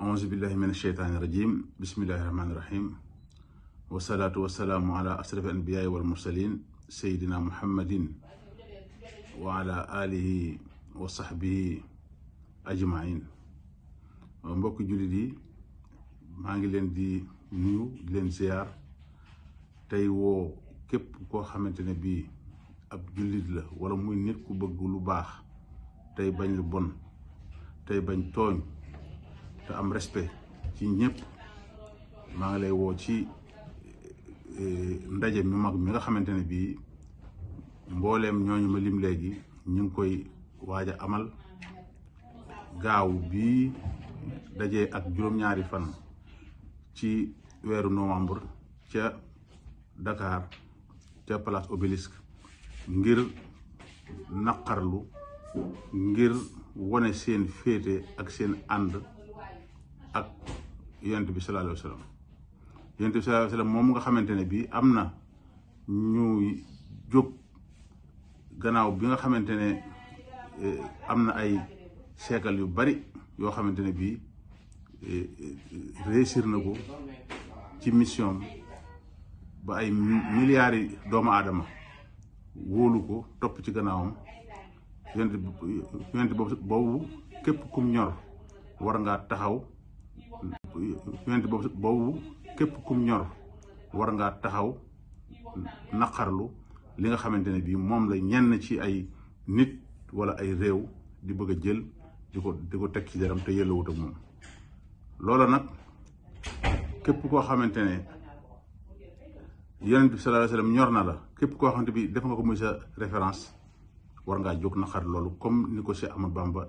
auzu billahi min asheytaani rajim bismillahi rahmaani rahim wasalaatu wasalaamu ala asraf anbiyaai wal mursalin sayidina muhammadin wa ala alihi wa sahbihi ajmain mbokk jullit yi maa ngi leen di nuyu di leen ziyaar tey woo képp koo xamante ne bii ab jullit la wala muy nit ku bëgg lu baax tey bañ lu bon tey bañ tooñ te am respect ci ñépp maa ngi lay woo ci e, ndaje mi mag mi nga xamante ne bii mbooleem ñooñu ma lim léegi ñu ngi koy waaj a amal gaaw bii dajee ak juróom-ñaari fan ci weeru novembre ca Dakar ca place Obélisque ngir naqarlu ngir wone seen féete ak seen ànd yonent bi sallallahu alayhi wa sallam yonent bi sallallahu alayhi wa moom nga xamante ne bii am na ñu jóg gannaaw bi nga xamante ne eh, am na ay seekal yu bari yoo xamante ne bii eh, réussir na ko ci mission ba ay milliari yi doomu aadama wóolu ko topp ci gannaawam yonent yonent boobu képp kum ñor war ngaa taxaw yonent képp kum ñor war ngaa taxaw naqarlu li nga xamante ne bii moom la ñenn ci ay nit wala ay réew di bëgg a jël di ko teg ci jaram te yëllawut ak nag képp koo xamante ne yonent bi ñor na la képp koo xamante bi def nga ko muy sa référence war ngaa jóg naqar loolu comme ni ko am Ahmad Bamba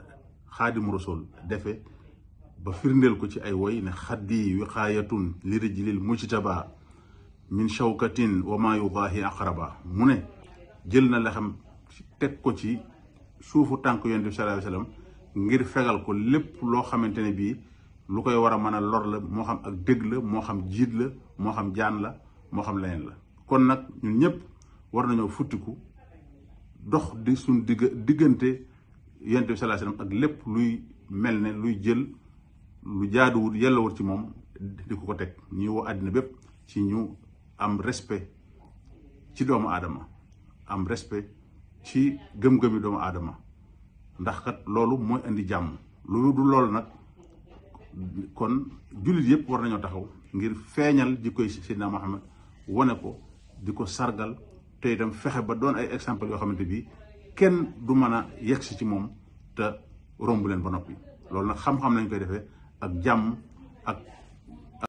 xaadimu rasul defe ba firndeel ko ci ay woy ne xaddi wiqaayatun li rijlil mujtaba min shawkatin wa ma yudaahi aqraba mu ne jël na la xam teg ko ci suufu tànk yonent bi sallallahu alayhi wa sallam ngir fegal ko lépp loo xamante ne bii lu koy war a mën a lor la moo xam ak dëgg la moo xam jiit la moo xam jaan la moo xam leneen la kon nag ñun ñëpp war nañoo futtiku dox di suñ digg diggante yonent bi sallallahu alayhi wa sallam ak lépp luy mel ne luy jël lu jaaduwul yellawul ci moom di ko ko teg ñuy woo àddina bépp ci ñu am respect ci doomu aadama am respect ci gëm-gëmi doomu aadama ndax kat loolu mooy indi jàmm loolu du loolu nag kon jullit yëpp war nañoo taxaw ngir feeñal di jikkoy Seydina Muhammad wane ko di ko sargal te itam fexe ba doon ay exemple yoo xamante bi kenn du mën a yegsi ci moom te romb leen ba noppi loolu nag xam-xam lañ koy defee ak jàmm ak